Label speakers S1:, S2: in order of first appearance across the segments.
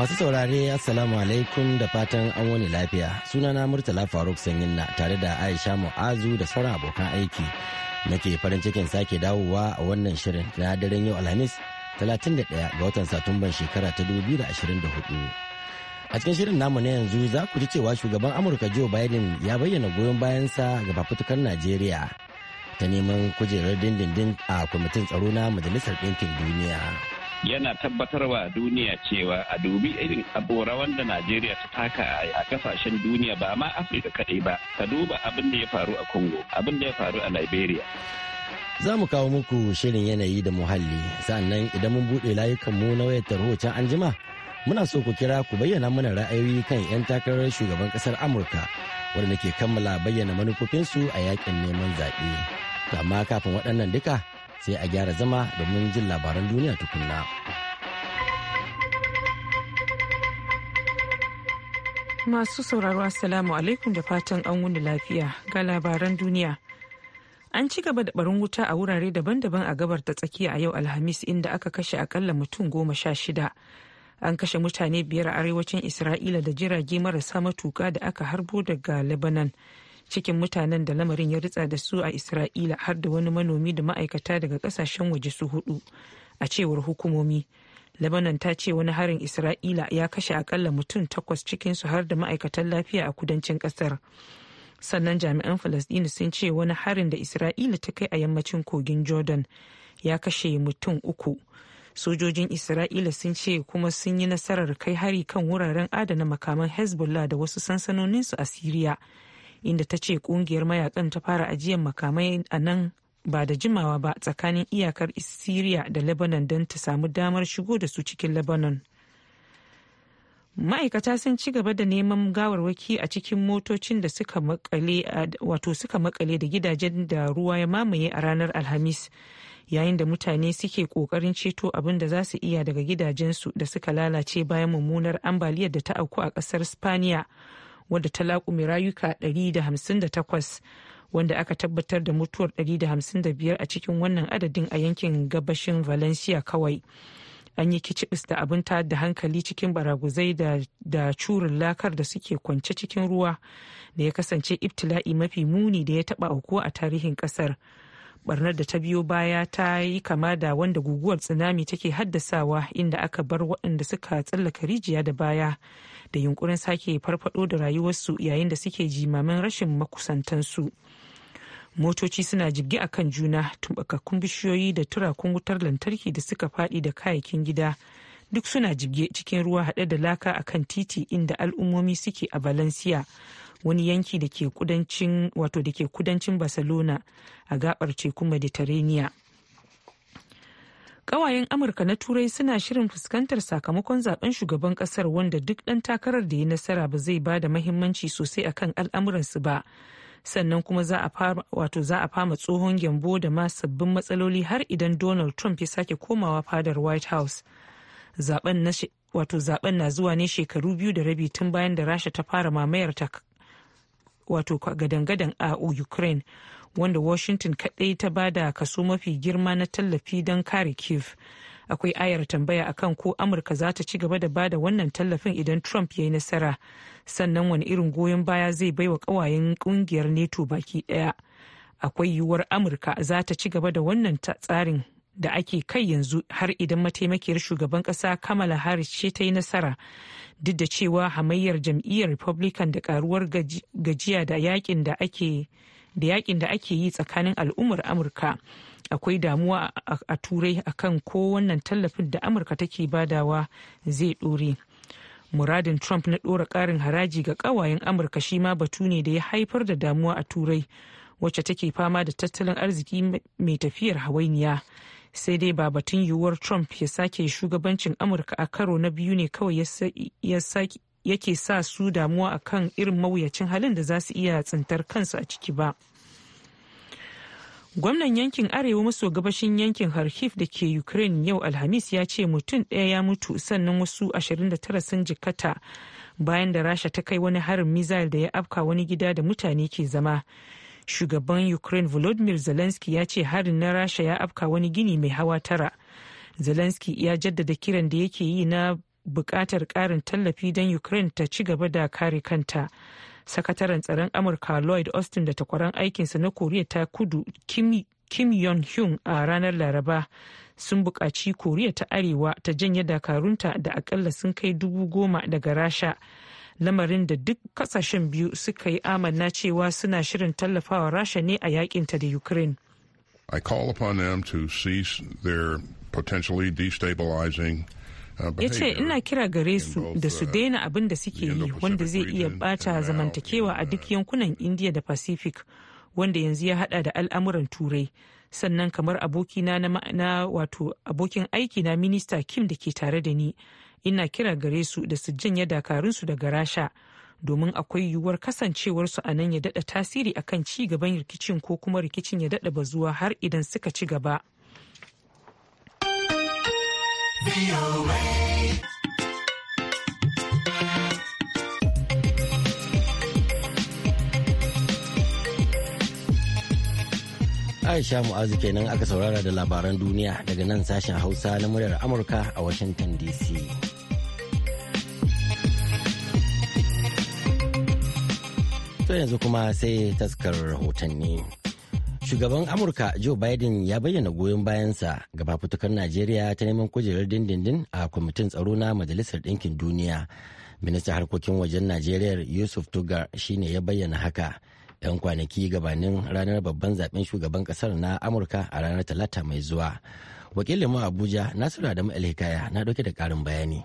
S1: Masu saurare Assalamu alaikum da fatan an wani lafiya. Sunana Murtala Faruk na tare da Aisha Mu'azu da sauran abokan aiki. Nake farin cikin sake dawowa a wannan shirin na daren yau Alhamis 31 ga watan Satumban shekara ta 2024. A cikin shirin namu na yanzu za ku ji cewa shugaban Amurka Joe Biden ya bayyana goyon bayansa ga fafutukar Najeriya ta neman kujerar dindindin a kwamitin tsaro na Majalisar Ɗinkin Duniya.
S2: yana tabbatarwa duniya cewa a dubi irin abora wanda najeriya ta taka a kasashen duniya ba ma afirka kadai ba ka duba abin da ya faru a Kongo abin da ya faru a liberia
S1: za mu kawo muku shirin yanayi da muhalli sannan idan mun buɗe mu na wayar tarho anjima muna so ku kira ku bayyana mana ra'ayoyi kan 'yan takarar shugaban kasar amurka wanda ke kammala bayyana manufofinsu a yakin neman zaɓe amma kafin waɗannan duka sai a gyara zama domin jin labaran duniya tukunna.
S3: Masu sauraro Assalamu alaikum da fatan an wuni lafiya ga labaran duniya. An ci gaba da barin wuta a wurare daban-daban a gabar ta tsakiya a yau Alhamis inda aka kashe akalla mutum goma sha shida. An kashe mutane biyar a arewacin Isra'ila da jirage marasa matuka da aka harbo daga Lebanon. cikin mutanen da lamarin ya ritsa da su a isra'ila har da wani manomi da ma'aikata daga kasashen waje su hudu a cewar hukumomi labanan ta ce wani harin isra'ila ya kashe akalla mutum takwas cikinsu har da ma'aikatan lafiya a kudancin kasar sannan jami'an falasdini sun ce wani harin da isra'ila ta kai a yammacin kogin jordan ya kashe mutum uku sojojin isra'ila sun ce kuma sun yi nasarar kai hari kan wuraren adana makaman hezbollah da wasu sansanoninsu a siriya inda ta ce kungiyar mayakan ta fara ajiyar makamai a nan ba da jimawa ba tsakanin iyakar syria da lebanon don ta samu damar shigo da su cikin lebanon ma'aikata sun ci gaba da neman gawarwaki a cikin motocin da suka makale wato suka makale da gidajen da ruwa ya mamaye a ranar alhamis yayin da mutane suke kokarin ceto abin da za su iya daga gidajensu da suka lalace bayan mummunar ambaliyar da ta auku a kasar spaniya wadda ta laƙume rayuka 158 wanda aka tabbatar da mutuwar 155 a cikin wannan adadin a yankin gabashin valencia kawai an yi kicibis da abin ta da hankali cikin baraguzai da curin lakar da suke kwance cikin ruwa da ya kasance ibtila'i mafi muni da ya taba aukuwa a tarihin kasar barnar da ta biyo baya ta yi kama da wanda guguwar tsunami take haddasawa inda aka bar waɗanda suka tsallaka rijiya da baya da yunkurin sake farfado da rayuwarsu yayin da suke jimamin rashin makusantansu motoci suna jibgi a kan juna tumbakakkun bishiyoyi da turakun wutar lantarki da suka fadi da kayayyakin gida duk suna jibge cikin ruwa haɗe da laka a kan titi inda al'ummomi suke a valencia wani yanki wato da ke kudancin barcelona a gabar teku mediterranean kawayen Amurka na Turai suna shirin fuskantar sakamakon zaben shugaban kasar wanda duk dan takarar da ya nasara ba zai ba da mahimmanci sosai akan al'amuransu ba. Sannan kuma za a fama tsohon gyambo da ma sabbin matsaloli har idan Donald Trump ya sake komawa fadar White House. Zaben na wato zaben na zuwa ne shekaru biyu da rabi tun bayan da rasha ta fara mamayar ta wato a ukraine wanda washington kaɗai ta bada kaso mafi girma na tallafi don kare kiev akwai ayar tambaya akan ko amurka za ta ci gaba da bada wannan tallafin idan trump ya yi nasara sannan wani irin goyon baya zai baiwa kawayen kungiyar neto baki daya akwai yiwuwar amurka za ta ci gaba da wannan tsarin da ake kai yanzu har idan mataimakiyar shugaban kasa kamala harris ce ta yi nasara duk da cewa hamayyar jam'iyyar republican da karuwar gajiya da yakin da ake da yakin da ake yi tsakanin al'ummar amurka akwai damuwa a turai akan ko wannan tallafin da amurka take badawa zai dore muradin trump na dora karin haraji ga kawayen amurka shi ma batu ne da ya haifar da damuwa a turai wacce take fama da tattalin arziki mai tafiyar hawainiya sai dai ba batun yiwuwar trump ya sake shugabancin amurka a karo na biyu ne kawai yake sa su damuwa a kan irin mawuyacin halin da za su iya tsintar kansu a ciki ba. Gwamnan yankin Arewa maso gabashin yankin Kharkiv da ke Ukraine yau Alhamis ya ce mutum ɗaya ya mutu sannan wasu 29 sun jikkata bayan da Rasha ta kai wani harin mizal da ya afka wani gida da mutane ke zama. Shugaban Ukraine Volodymyr Zelensky ya ce harin na Rasha ya afka wani gini mai hawa tara. Zelensky ya jaddada kiran da yake yi na buƙatar ƙarin tallafi don ukraine ta ci gaba da kare kanta sakataren tsaron amurka lloyd austin da takwaran aikinsa na koriya ta kudu kim, yong hyun a ranar laraba sun buƙaci koriya ta arewa ta janye dakarunta da akalla sun kai dubu goma daga rasha lamarin da duk kasashen biyu suka yi amanna cewa suna shirin tallafawa rasha ne a yakinta da ukraine I call
S4: upon them to cease their potentially destabilizing Uh, ya ce
S3: ina kira gare su da su uh, daina abin da suke yi wanda zai iya bata zamantakewa a duk uh, yankunan indiya da pacific wanda yanzu ya hada da al'amuran turai sannan kamar abokina na wato abokin aiki na minista kim da ke tare da ni ina kira gare su da su janye dakarunsu daga rasha domin akwai yiwuwar kasancewarsu a nan ya dada tasiri akan ci gaban rikicin ko kuma rikicin ya dada bazuwa har idan suka ci gaba.
S1: Aisha Mu'azu kenan aka saurara da labaran duniya daga nan sashen Hausa na muryar Amurka a Washington DC. To yanzu kuma sai taskar rahotanni. Shugaban Amurka Joe Biden ya bayyana goyon bayansa ga fafutukar Najeriya ta neman kujerar dindindin a kwamitin tsaro na Majalisar Ɗinkin Duniya. Ministan harkokin wajen Najeriya Yusuf Tugar shine ya bayyana haka. 'yan kwanaki gabanin ranar babban zaben shugaban kasar na amurka a ranar talata mai zuwa wakilin mu abuja nasiru adamu alhikaya na dauke da karin bayani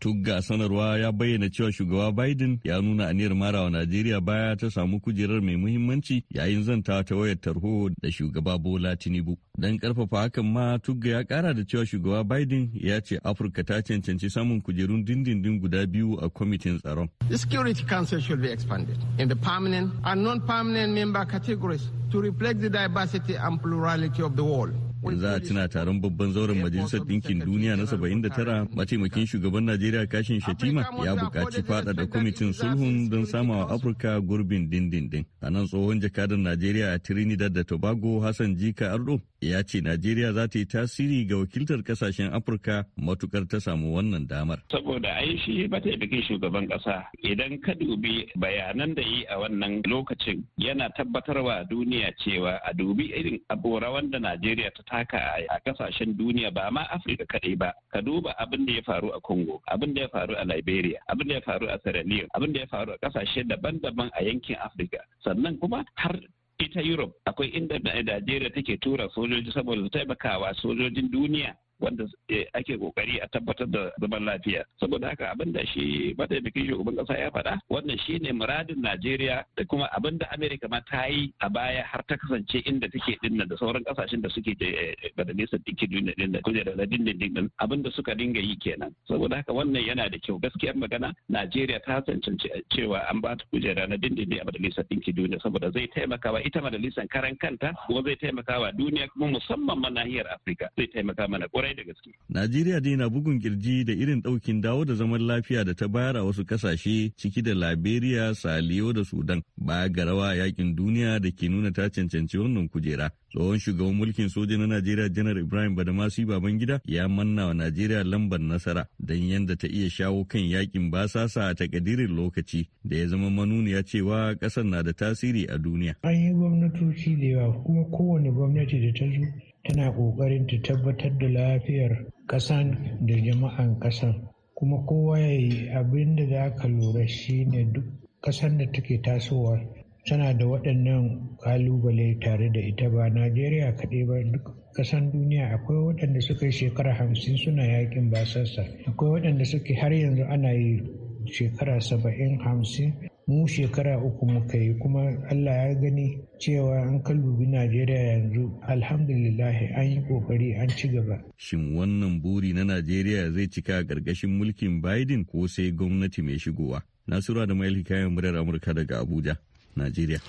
S4: Tugga sanarwa ya bayyana cewa shugaba Biden ya nuna aniyar marawa Najeriya baya ta samu kujerar mai muhimmanci yayin zanta ta wayar tarho da shugaba Bola Tinubu. Don karfafa hakan ma Tugga ya kara da cewa shugaba Biden ya ce Afirka ta cancanci samun kujerun dindindin guda biyu a kwamitin tsaron. The Security Council should be expanded
S5: in the permanent and non-permanent member categories to reflect the diversity and plurality
S4: of the world. yanzu za a tuna taron babban zauren majalisar ɗinkin duniya na 79 mataimakin shugaban najeriya kashin shatima ya buƙaci faɗaɗa kwamitin sulhun don samawa afirka gurbin dindindin a nan tsohon jakadan najeriya a trinidad da tobago hassan jika ardo ya ce najeriya za ta yi tasiri ga wakiltar kasashen afirka matukar ta samu wannan damar
S2: saboda ai shi mataimakin shugaban kasa idan ka dubi bayanan da yi a wannan lokacin yana tabbatarwa duniya cewa a dubi irin aborawan da najeriya ta haka a kasashen duniya ba ma afirka kaɗai ba ka duba abin da ya faru a congo abin da ya faru a liberia abin da ya faru a sierra leone abin da ya faru a kasashe daban-daban a yankin afirka sannan kuma har ita Europe akwai inda Najeriya take tura sojoji saboda taimakawa sojojin duniya wanda eh, ake kokari a tabbatar da zaman lafiya saboda haka abin da shi mataimakin shugaban kasa ya faɗa wannan shi ne muradin Najeriya da kuma abin da Amerika ma ta yi a baya har ta kasance inda take dinna da sauran kasashen da suke eh, eh, da nesa dinki dinna da dindindin din abin da suka dinga yi kenan saboda haka wannan yana da kyau gaskiya magana Najeriya ta cancanci cewa an ba ta kujera na dindindin a majalisar dinki duniya saboda zai taimaka wa ita majalisar karan kanta kuma zai taimaka wa duniya kuma musamman ma nahiyar Afirka zai taimaka mana kwarai da gaske.
S4: Najeriya dai na bugun kirji da irin daukin dawo da zaman lafiya da ta bayar a wasu ƙasashe ciki da Liberia, Saliyo da Sudan baya ga rawa yakin duniya da ke nuna ta cancanci wannan kujera. Tsohon shugaban mulkin soja na Najeriya Janar Ibrahim Badamasi Babangida ya manna wa Najeriya lambar nasara don yadda ta iya shawo kan yakin basasa a takadirin lokaci da ya zama manuniya cewa ƙasar na da tasiri a duniya.
S6: An yi gwamnatoci da yawa kuma kowane gwamnati da ta zo Tana ƙoƙarin ta tabbatar da lafiyar ƙasan da jama'an ƙasan kuma kowa ya yi abin da za ka lura shi ne duk ƙasan da take tasowa tana da waɗannan ƙalubale tare da ita ba najeriya kaɗai ba duk ƙasan duniya akwai waɗanda suka yi shekara hamsin suna yakin basarsa. akwai waɗanda suke har yanzu ana yi shekara saba'in hamsin mu shekara uku muka yi kuma allah ya gani cewa an kalubi najeriya yanzu alhamdulillah an yi kokari an ci gaba
S4: shin wannan buri na najeriya zai cika a ƙarƙashin mulkin biden ko sai gwamnati mai shigowa nasura da mai kayan murar amurka daga abuja Najeriya.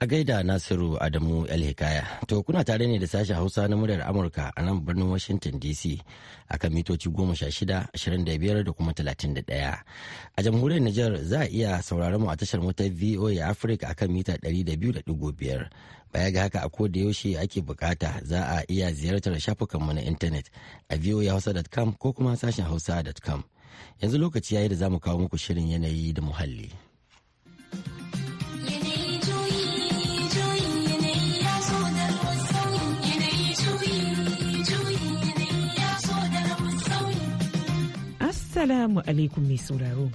S4: A gaida Nasiru Adamu Hikaya. To kuna tare ne da sashen
S1: Hausa na muryar Amurka a nan birnin Washington DC a kan mitoci 16, da kuma 31. A jamhuriyar Nijar za a iya sauraron mu a tashar motar VOA Africa a kan mita 200.5. Baya ga haka a da yaushe ake bukata za a iya ziyartar shafukanmu na intanet a voahausa.com ko kuma sashen hausa.com. Yanzu lokaci ya yi da za mu kawo muku shirin yanayi da muhalli.
S3: Assalamu alaikum mai sauraro.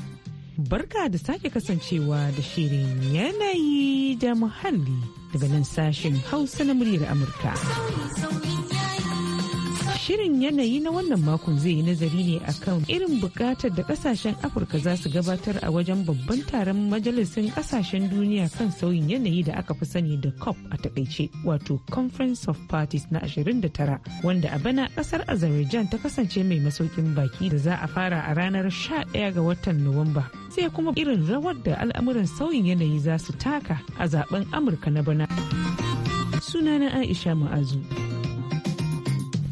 S3: Barka da sake kasancewa da shirin yanayi da muhalli daga nan sashen Hausa na muryar Amurka. Shirin yanayi na wannan makon zai yi nazari ne akan irin bukatar da kasashen Afirka za su gabatar a wajen babban taron majalisun kasashen duniya kan sauyin yanayi da aka fi sani da COP a takaice wato Conference of Parties na 29 wanda a bana kasar Azerbaijan ta kasance mai masaukin baki da za a fara a ranar 11 ga watan Nuwamba. Sai kuma irin rawar da al'amuran sauyin yanayi za su taka a zaben Amurka na bana. Sunana Aisha Ma'azu.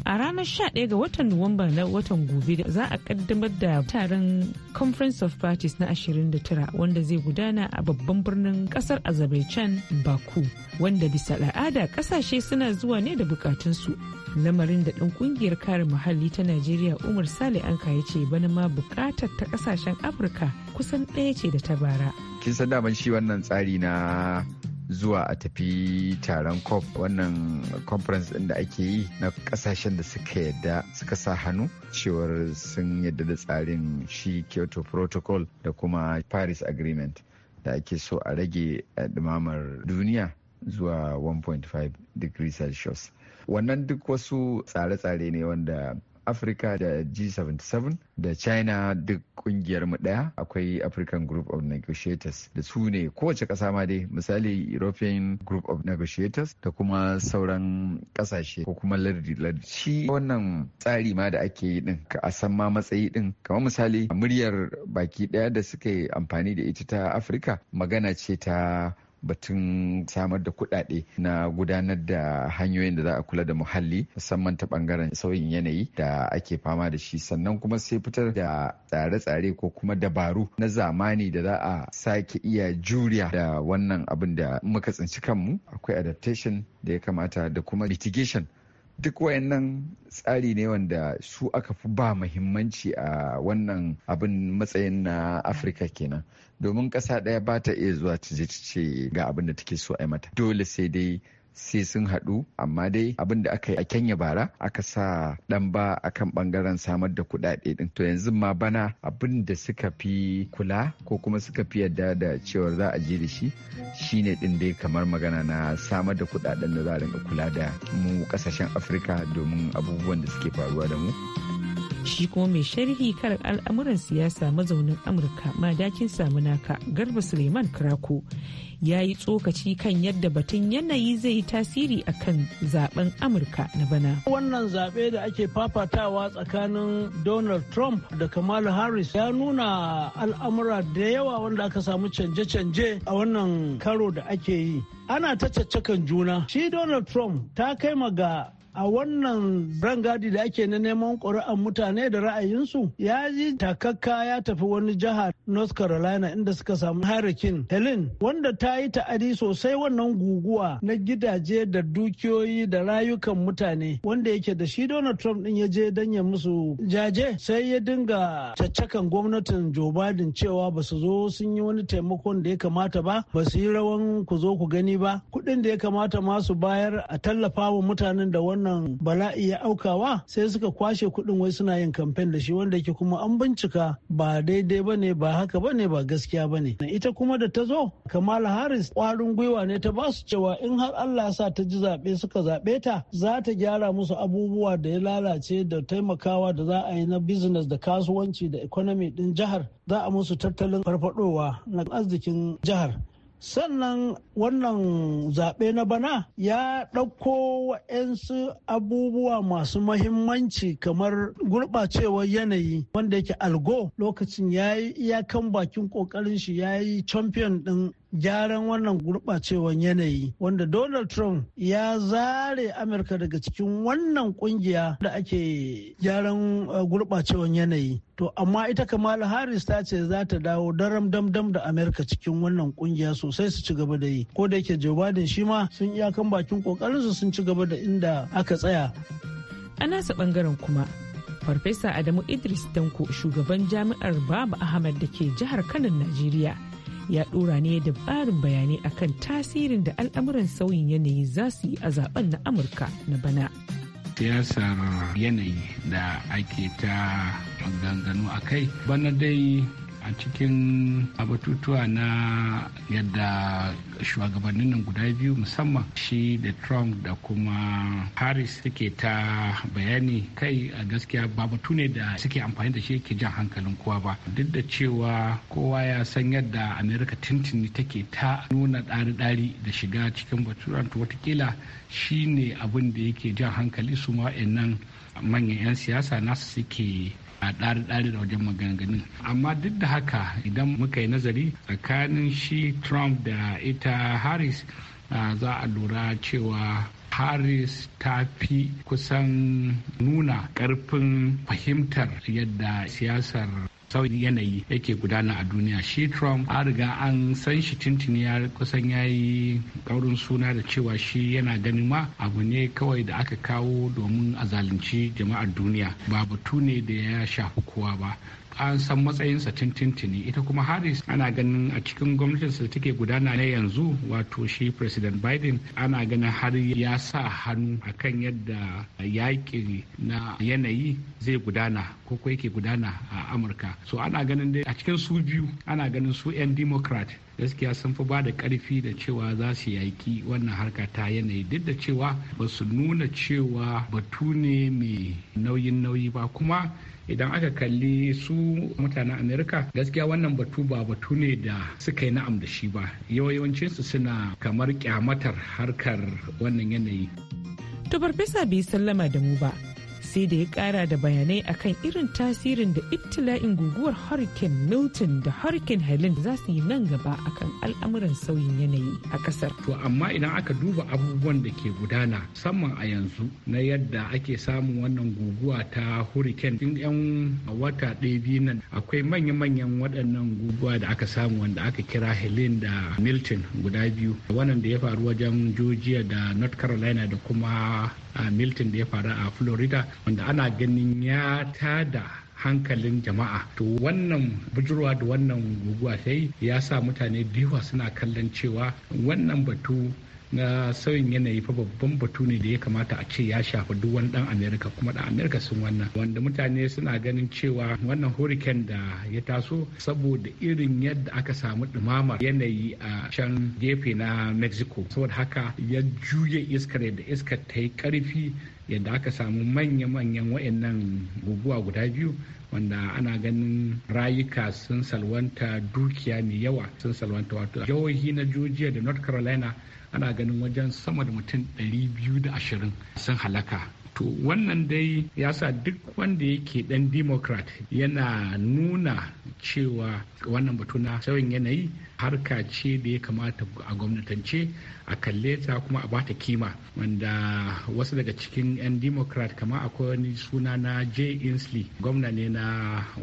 S3: a ranar 11 ga watan nuwamba na watan gobe za a kaddamar da taron conference of parties na 29 wanda zai gudana a babban birnin kasar azerbaijan baku wanda bisa al'ada kasashe suna zuwa ne da bukatunsu lamarin da ɗan ƙungiyar kare muhalli ta najeriya umar sale anka ya ce bana ma bukatar ta ƙasashen afirka kusan ɗaya ce da ta bara
S7: kin san daman shi wannan tsari na zuwa a tafi taron cop wannan conference ɗin da ake yi na kasashen da suka yadda suka sa hannu cewar sun yadda da tsarin shi kyoto protocol da kuma paris agreement da ake so a rage dumamar duniya zuwa 1.5 degrees celsius wannan duk wasu tsare-tsare ne wanda afirka da g77 da china duk kungiyar mu daya akwai african group of negotiators da su ne kowace kasa ma dai misali european group of negotiators da kuma sauran kasashe ko kuma lardi lardi shi wannan tsari ma da ake yi din ka san ma matsayi din kamar misali muryar baki daya da suke amfani da ita ta afirka magana ce ta batun samar da kuɗaɗe na gudanar da hanyoyin da za a kula da muhalli musamman ta ɓangaren sauyin yanayi da ake fama da shi sannan kuma sai fitar da tsare-tsare ko kuma dabaru na zamani da za a sake iya juriya da wannan abin da muka tsinci kanmu akwai adaptation da ya kamata da kuma litigation duk wayannan tsari ne wanda su aka fi ba muhimmanci a wannan abin matsayin na afirka kenan domin ƙasa ɗaya ba ta iya zuwa ta je ta ce ga abin da take so a mata dole sai dai sai sun haɗu amma dai abin da aka yi a kenya bara aka sa ɗan ba a kan ɓangaren samar da kuɗaɗe ɗin to yanzu ma bana abin da suka fi kula ko kuma suka fi yadda da cewar za a je da shi shine ɗin dai kamar magana na samar da kuɗaɗen da za a rinka kula da mu ƙasashen afirka domin abubuwan da suke faruwa da mu
S3: shi kuma mai sharhi kan al'amuran siyasa mazaunin amurka madakin samunaka garba suleiman krako ya yi tsokaci kan yadda batun yanayi zai yi tasiri a kan zaben amurka na bana
S8: wannan zaɓe da ake fafatawa tsakanin donald trump da kamala harris ya nuna al'amura da yawa wanda aka samu canje-canje a wannan karo da ake yi ana ta caccakan juna shi donald trump ta kai ga a wannan rangadi da ake na neman ƙuri'an mutane da ra'ayinsu ya ji takakka ya tafi wani jiha north carolina inda suka samu harikin helen wanda ta yi ta'adi sosai wannan guguwa na gidaje da dukiyoyi da rayukan mutane wanda yake da shi donald trump din ya je don ya musu jaje sai ya dinga caccakan gwamnatin joe biden cewa ba su zo sun yi wani taimakon da ya kamata ba ba su yi rawan ku zo ku gani ba kuɗin da ya kamata ma su bayar a tallafa wa mutanen da wani wannan bala'i ya aukawa sai suka kwashe kuɗin wai suna yin kamfen da shi wanda yake kuma an bincika ba daidai ba ne ba haka ba ne ba gaskiya ba ne ita kuma da ta zo kamala haris kwarin gwiwa ne ta ba su cewa in har allah sa ta ji zaɓe suka zaɓe ta za ta gyara musu abubuwa da ya lalace da taimakawa da za a yi na business da kasuwanci da economy din jihar za a musu tattalin farfadowa na arzikin jihar sannan wannan zaɓe na bana ya ɗauko wa'yansu abubuwa masu mahimmanci kamar gurɓacewar yanayi wanda yake algo lokacin ya yi iyakan bakin ƙoƙarin shi ya yi champion ɗin gyaran wannan gurɓacewan yanayi wanda donald trump ya zare amurka daga cikin wannan kungiya da ake gyaran uh, gurɓacewar yanayi to amma ita kamala harris ta ce za ta dawo daram damdam da amurka cikin wannan kungiya sosai su ci gaba da yi ko da yake joe biden shi ma sun iyakan bakin kokarinsu sun ci gaba da inda aka
S3: tsaya a nasa bangaren kuma farfesa adamu idris danko shugaban jami'ar babu ahmad da ke jihar kanan najeriya ya dora ne da barin bayanai akan tasirin da al'amuran sauyin yanayi za su yi a zaben na amurka na bana
S6: siyasar yanayi da ake ta ganganu a kai bana dai a cikin batutuwa na yadda shugabannin guda biyu musamman shi da trump da kuma harris suke ta bayani kai a gaskiya ba batu ne da suke amfani da shi ke jan hankalin kowa ba duk da cewa kowa ya san yadda america tintini take ta nuna ɗari-ɗari da shiga cikin baturan to watakila shi ne abin da yake jan hankali su nan manyan 'yan siyasa nasu suke a ɗari-ɗari da wajen maganganun amma duk da haka idan muka yi nazari tsakanin shi trump da ita harris za a lura cewa harris ta fi kusan nuna ƙarfin fahimtar yadda siyasar sauyin yanayi yake gudana a duniya shi trump an riga an san shi tintini ya kusan ya yi kaurin suna da cewa shi yana ganin ma abu ne kawai da aka kawo domin a zalunci jama'ar duniya ba batu ne da ya shafi kowa ba an san matsayinsa tintintini ita kuma harris ana ganin a cikin gwamnatinsa da take gudana na yanzu wato shi president biden ana ganin har ya sa hannu akan yadda yaƙi na yanayi zai gudana ko ko yake gudana a amurka so ana ganin dai a cikin su biyu ana ganin su 'yan democrat gaskiya sun fi ba da karfi da cewa za su yaƙi wannan harka ta yanayi duk da cewa ba su nuna cewa batu ne mai nauyin nauyi ba kuma idan aka kalli su mutanen amerika gaskiya wannan batu ba batu ne da suka yi na'am da shi ba yawancinsu suna kamar kyamatar harkar wannan yanayi
S3: to farfesa bai sallama da mu ba sai da ya kara da bayanai akan irin tasirin da ibtila'in guguwar hurricane milton da hurricane helen za su yi nan gaba akan al'amuran sauyin yanayi a
S6: kasar to amma idan aka duba abubuwan da ke gudana musamman a yanzu na yadda ake samun wannan guguwa ta hurricane in yan wata ɗaya biyu nan akwai manya-manyan waɗannan guguwa da aka samu wanda aka kira helen da milton guda biyu wannan da ya faru wajen georgia da north carolina da kuma ah, milton da ya faru a florida wanda ana ganin ya da hankalin jama'a to wannan bujurwa da wannan guguwa ta yi ya sa mutane da suna kallon cewa wannan batu na sauyin yanayi fa babban batu ne da ya kamata a ce ya shafi duk wani dan amerika kuma dan amerika sun wannan wanda mutane suna ganin cewa wannan hurricane da ya taso saboda irin yadda aka samu dumamar yanayi a can gefe na mexico saboda haka ya juya iskar da iskar ta yi karfi yadda aka samu manya-manyan wa'annan guguwa guda biyu wanda ana ganin rayuka sun salwanta dukiya mai yawa sun salwanta wato jihohi na georgia da north carolina ana ganin wajen sama da mutum 220 sun halaka to wannan dai ya sa duk wanda yake dan democrat yana nuna cewa wannan batu na sauyin yanayi harka ce da ya kamata a gwamnatance a kalle ta kuma a bata kima wanda wasu daga cikin 'yan democrat kama akwai wani suna na jay inslee gwamna ne na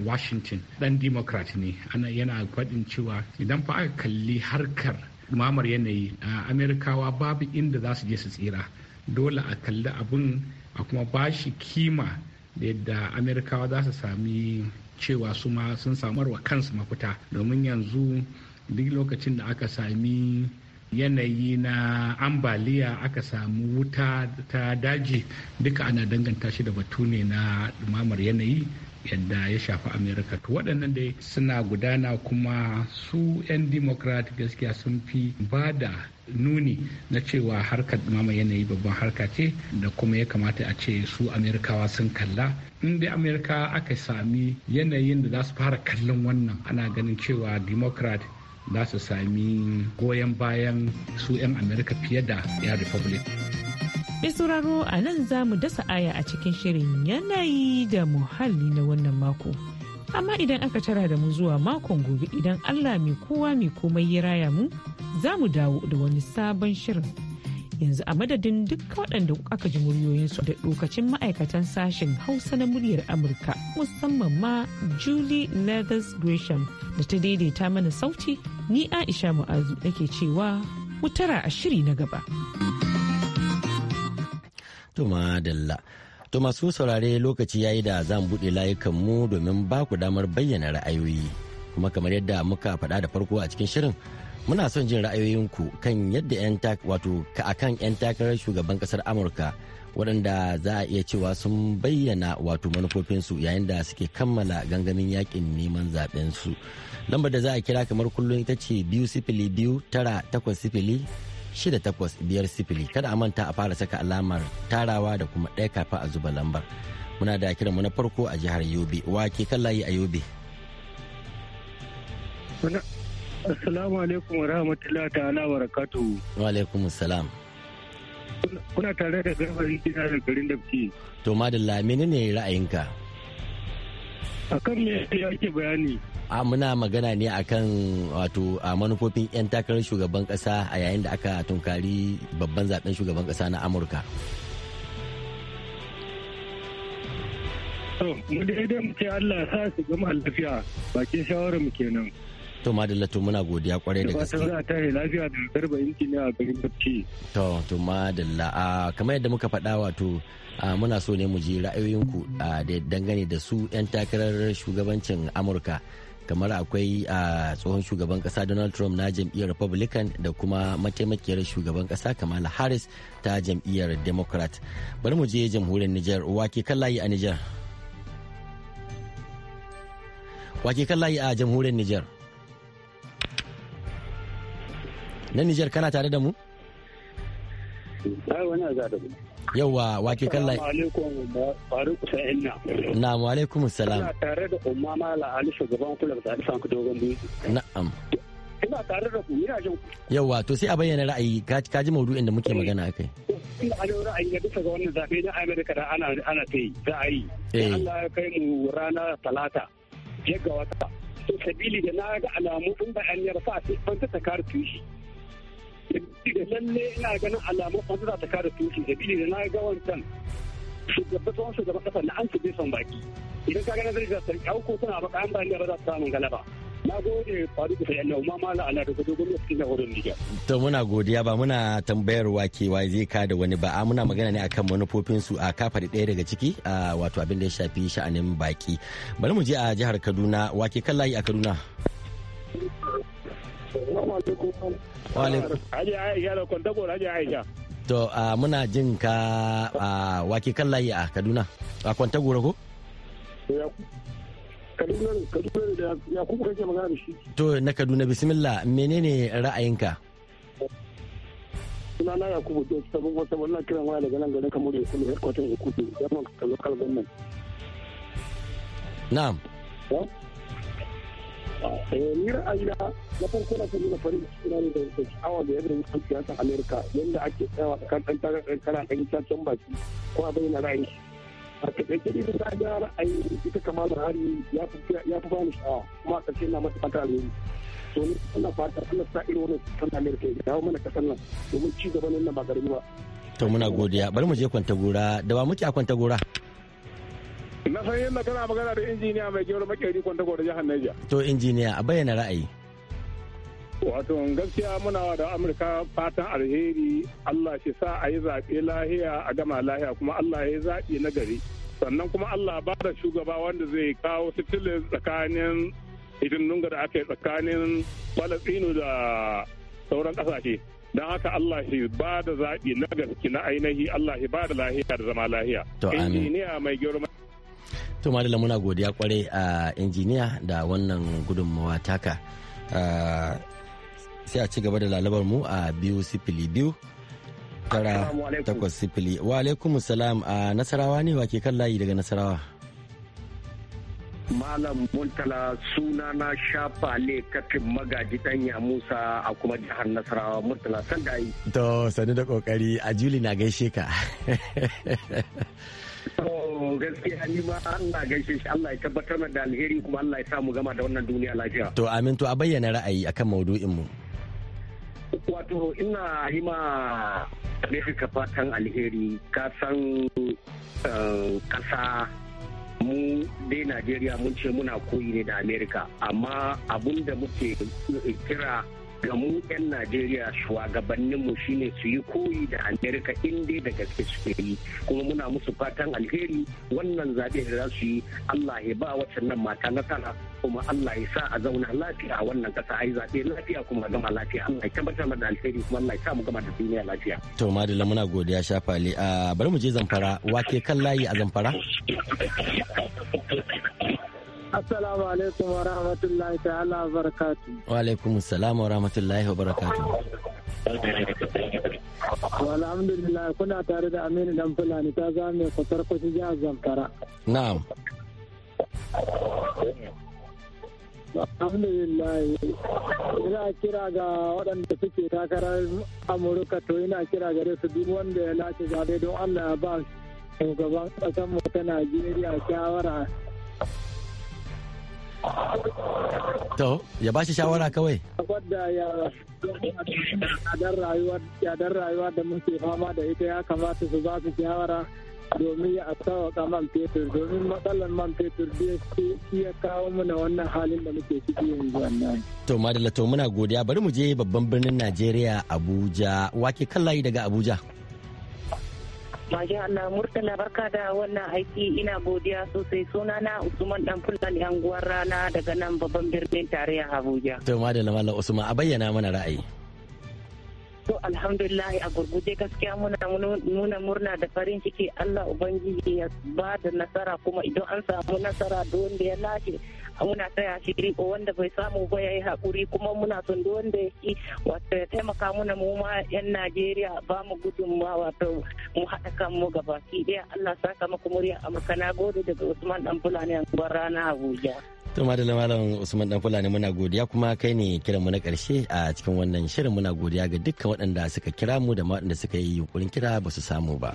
S6: washington dan democrat ne yana faɗin cewa idan fa aka kalli harkar mamar yanayi a amerikawa babu inda za su je su tsira dole a kalli abun a kuma ba shi kima da yadda amerikawa za su sami cewa su ma sun samar wa kansu mafita domin yanzu duk lokacin da aka sami yanayi na ambaliya aka samu wuta ta daji duka ana danganta shi da batu ne na dumamar yanayi yadda ya shafi amerika to waɗannan dai suna gudana kuma su 'yan democrat gaskiya sun fi ba da nuni na cewa harkar dumama yanayi babban harka ce da kuma ya kamata a ce su amerikawa sun kalla in dai amerika aka sami yanayin da za su fara kallon wannan ana ganin cewa democrat za su sami goyon bayan su 'yan amerika fiye da ya republic
S3: Mai sauraro a nan za mu dasa aya a cikin shirin yanayi da muhalli na wannan mako. amma idan aka tara da mu zuwa makon gobe idan allah mai kowa mai komai ya raya mu za mu dawo da wani sabon shirin yanzu a madadin dukkan waɗanda aka ji muryoyinsu da lokacin ma'aikatan sashen hausa na muryar amurka musamman ma julie leathers gresham da ta daidaita mana sauti ni aisha mu'azu nake cewa mutara a shiri na gaba.
S1: Tuma To masu saurare lokaci ya yi da zan buɗe layukanmu domin ba ku damar bayyana ra'ayoyi. Kuma kamar yadda muka faɗa da farko a cikin shirin muna son jin ra'ayoyinku kan yadda 'yan wato akan 'yan takarar shugaban kasar Amurka waɗanda za a iya cewa sun bayyana wato manufofinsu yayin da suke kammala gangamin yakin neman zaɓensu. Lambar da za a kira kamar kullum ita ce biyu sifili biyu tara takwas sifili sifili kada a manta a fara saka alamar tarawa da kuma ɗaya kafa a zuba lambar muna da kiranmu na farko a jihar yobe wake kan layi a yobe
S5: assalamu alaikum wa rahmatullahi ta'ala wa barakatuhu
S1: wa alaikum salam.
S5: kuna tare da garba rigina da garin da
S1: to madalla menene ra'ayinka akan me yake bayani a muna magana ne akan wato a manufofin 'yan takarar shugaban kasa a yayin da aka tunkari babban zaben shugaban kasa na amurka
S5: to mu dai mu ce allah ya sa su gama lafiya bakin shawarar mu kenan
S1: to madalla muna godiya kwarai da gaske
S5: Ba ta yi lafiya da garba ne a garin Bacci.
S1: to to madalla a kamar yadda muka faɗa wato muna so ne mu ji ra'ayoyinku da dangane da su 'yan takarar shugabancin amurka kamar akwai a tsohon shugaban kasa donald trump na jam'iyyar republican da kuma mataimakiyar shugaban kasa kamala harris ta jam'iyyar democrat bari mu je jamhuriyar niger wake kan a niger wake kan layi a jamhuriyar niger na Nijar kana tare da mu? Yawwa wake kan lai. Na'am wa alaikum salam. Ina
S5: tare da umma mala Ali shugaban kula da Alifan Kudogon Bizu. Na'am. Ina tare da ku ina jin ku.
S1: Yawwa to sai a bayyana ra'ayi ka ji maudu'in da muke eh. magana akai.
S5: Ina da ra'ayi ga bisa ga wannan zabe na Amerika da ana ana ta yi za a yi. Eh. Allah ya kai mu rana talata. ga wata. To sabili da na ga alamu in ba an a sai ban ta takar tushi. da lalle ina ganin alamun wanda za ta kada tushe sabili da na ga wancan shugaban shugaban kasa na an tube son baki idan ka gana zai zartar yau ko tana baka an bayan ba za ta samun galaba na gode faru da yana umma mala ala da gudu gwamnati na wurin niger
S1: to muna godiya ba muna tambayar wake wai zai ka da wani ba muna magana ne akan manufofin su a kafa da ɗaya daga ciki a wato abin da ya shafi sha'anin baki bari mu je a jihar kaduna wake kan layi a kaduna
S5: alaikum. Wa alaikum.
S2: Haji Aisha da Kwantagor Haji Aisha.
S1: To muna jin ka a wake kan layi a Kaduna. A Kwantagor ko?
S5: Kaduna Kaduna da Yakubu kake magana da shi.
S1: To na Kaduna bismillah menene ra'ayinka?
S5: suna na yakubu da sabon wata wannan kiran waya daga nan garin kamar ya kuma ya kwatan ya kudu ya man kallo kalban nan na'am Eh, ni ra'ayina na farko na kuma farin ciki na ne da da sha'awa da yadda mutum siyasar amerika yadda ake tsayawa tsakanin ɗan kana ɗan itacen baki ko a bayyana ra'ayi a takaice ne ta ga ra'ayi ita kamar hari ya fi bani sha'awa kuma a ƙarshe na mata fata alheri to ni ina fata Allah sa irin wannan san amerika ya dawo mana kasar nan domin ci gaba nan ba garbi ba
S1: to muna godiya bari mu je kwanta gora da ba muke a kwanta gora
S5: na san yadda kana magana da injiniya mai gero makeri kwantagoro jihar Niger.
S1: To injiniya a bayyana ra'ayi.
S5: Wato gaskiya muna da Amurka fatan alheri Allah shi sa a yi zaɓe lahiya a gama lahiya kuma Allah ya yi zaɓe na gari. Sannan kuma Allah ba da shugaba wanda zai kawo sitile tsakanin nunga da aka yi tsakanin Falasino da sauran ƙasashe.
S6: don haka Allah shi ba da zaɓi na gaske na ainihi Allah shi ba da lahiya da zama lahiya.
S1: To amin. Injiniya mai girma to malala muna godiya kwarai a injiniya da wannan gudunmawa taka sai a ci gaba da lalabar mu a biyu sifili biyu tara takwas sifili wa alaikum salam a nasarawa ne wake kan layi daga nasarawa
S5: Malam Muntala suna na shafa ne kafin magaji danya Musa a kuma jihar Nasarawa muntala sanda yi.
S1: To sani da kokari a Juli na gaishe ka.
S5: gaskiya ni ma Allah gaishe shi Allah ya tabbatar da alheri kuma Allah ya samu gama da wannan duniya lafiya.
S1: To amin to a bayyana ra'ayi akan maudu'in mu.
S5: Wato ina yi ma Amerika fatan alheri ka san eh, ƙasa mu dai Najeriya mun ce muna koyi ne da Amerika amma abun da muke kira ga mu 'yan najeriya mu shine su yi koyi da amerika inda da gaske suke yi kuma muna musu fatan alheri wannan zaɓe da za su yi allah ya ba waccan nan mata nasara kuma allah ya sa a zauna lafiya a wannan ƙasa a yi zaɓe lafiya kuma a gama lafiya allah ya tabbatar da alheri kuma allah ya sa mu gama da duniya lafiya.
S1: to madalla muna godiya shafali a ah, bari mu je zamfara wake kan layi a zamfara.
S5: Assalamu alaikum wa rahmatullahi wa barakatu.
S1: Wa alaikum salam wa rahmatullahi wa barakatu.
S5: Alhamdulillah kuna tare da Aminu dan Fulani ta zame kwatar Zamfara. Na'am. ina kira ga waɗanda suke takarar Amurka to ina kira gare su duk wanda ya lace zaɓe don Allah ya ba shugaban ƙasar ta Najeriya shawara
S1: To, ya ba shi shawara kawai.
S5: Wadda ya tsadar rayuwa, tsadar rayuwa da muke fama da ita ya kamata su ba su shawara domin ya sauƙa man fetur domin matsalar man fetur da ya kawo muna wannan halin da muke ciki yanzu wannan.
S1: To Madalla to muna godiya bari mu je babban birnin Najeriya Abuja wake kan layi daga Abuja.
S5: Masha Allah Murtala barka da wannan aiki ina godiya sosai sunana Usman dan Fulani anguwar rana daga nan babban birnin tarayya Abuja.
S1: To madalla mallam Usman a bayyana mana ra'ayi.
S5: To alhamdulillah a gurguje gaskiya muna nuna murna da farin ciki Allah Ubangiji ya ba da nasara kuma idan an samu nasara da wanda ya lashe muna taya shi riko wanda bai samu ba ya yi haƙuri kuma muna son duk wanda ya ki wato ya taimaka muna mu ma 'yan Najeriya ba mu gudunmawa wato mu haɗa kanmu gaba ki ɗaya Allah saka maku murya Amurka na gode daga Usman Dan Fulani a rana Abuja.
S1: to madalla malam usman dan fulani muna godiya kuma kai ne kiran mu na karshe a cikin wannan shirin muna godiya ga dukkan waɗanda suka kira mu da ma waɗanda suka yi yunkurin kira ba su samu ba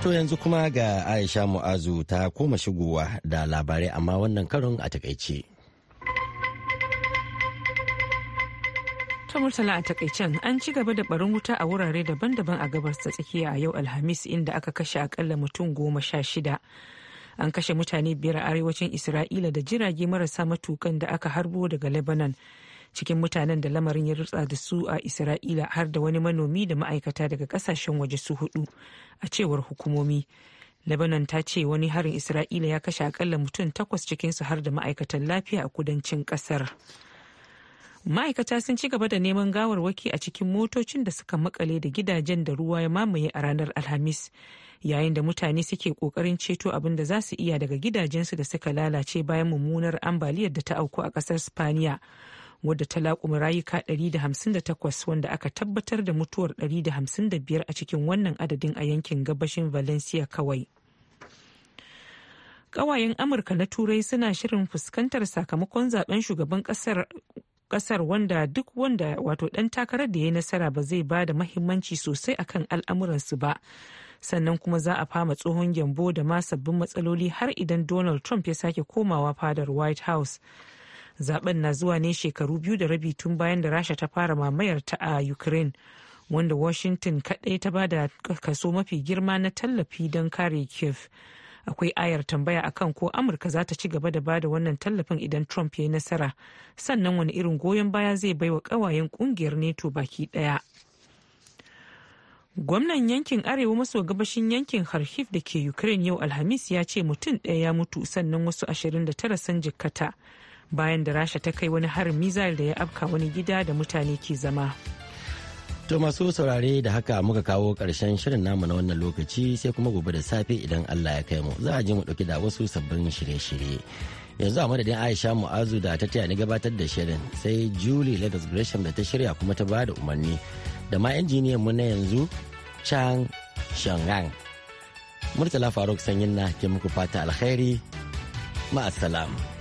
S1: To yanzu kuma ga Aisha Mu'azu ta koma shigowa da labarai amma wannan karon a takaice.
S3: ta murtala a takaicen an ci gaba da barin wuta a wurare daban-daban a gabas ta tsakiya a yau alhamis inda aka kashe akalla mutum goma sha shida an kashe mutane biyar a arewacin isra'ila da jirage marasa matukan da aka harbo daga lebanon cikin mutanen da lamarin ya rutsa da su a isra'ila har da wani manomi da ma'aikata daga kasashen waje su hudu a cewar hukumomi lebanon ta ce wani harin isra'ila ya kashe akalla mutum takwas cikinsu har da ma'aikatan lafiya a kudancin kasar ma'aikata sun ci gaba da neman gawarwaki a cikin motocin da suka makale da gidajen da ruwa ya mamaye a ranar alhamis yayin da mutane suke kokarin ceto abin da za su iya daga gidajensu da suka lalace bayan mummunar ambaliyar da ta auku a kasar spaniya wadda ta laƙumi rayuka 158 wanda aka tabbatar da mutuwar 155 a cikin wannan adadin a yankin gabashin valencia kawai ƙawayen amurka na turai suna shirin fuskantar sakamakon zaben shugaban kasar kasar wanda duk wanda wato dan takarar da ya nasara ba zai ba da mahimmanci sosai akan al'amuransu ba sannan kuma za a fama tsohon gyambo da ma sabbin matsaloli har idan donald trump ya sake komawa fadar white house zaben na zuwa ne shekaru biyu da rabi tun bayan da rasha ta fara mamayar ta a ukraine wanda washington kadai ta ba da kaso mafi girma na tallafi don kare kiev akwai ayar tambaya akan ko amurka za ta ci gaba da bada wannan tallafin idan trump ya yi nasara sannan wani irin goyon baya zai baiwa kawayen kungiyar neto baki daya gwamnan yankin arewa maso gabashin yankin kharkiv da ke ukraine yau alhamis ya ce mutum ɗaya ya mutu sannan wasu 29 sun jikkata bayan da rasha ta kai wani harin mizal da ya afka wani gida da mutane ke zama
S1: to masu saurare da haka muka kawo karshen shirin namu na wannan lokaci sai kuma gobe da safe idan allah ya kai mu za a je mu dauki da wasu sabbin shirye-shirye yanzu a madadin aisha mu'azu da ta taya ni gabatar da shirin sai julie ladas gresham da ta shirya kuma ta bada umarni da ma injiniyan mu na yanzu chang shangang murtala faruk sanyin na ke muku fata alkhairi ma'asalam.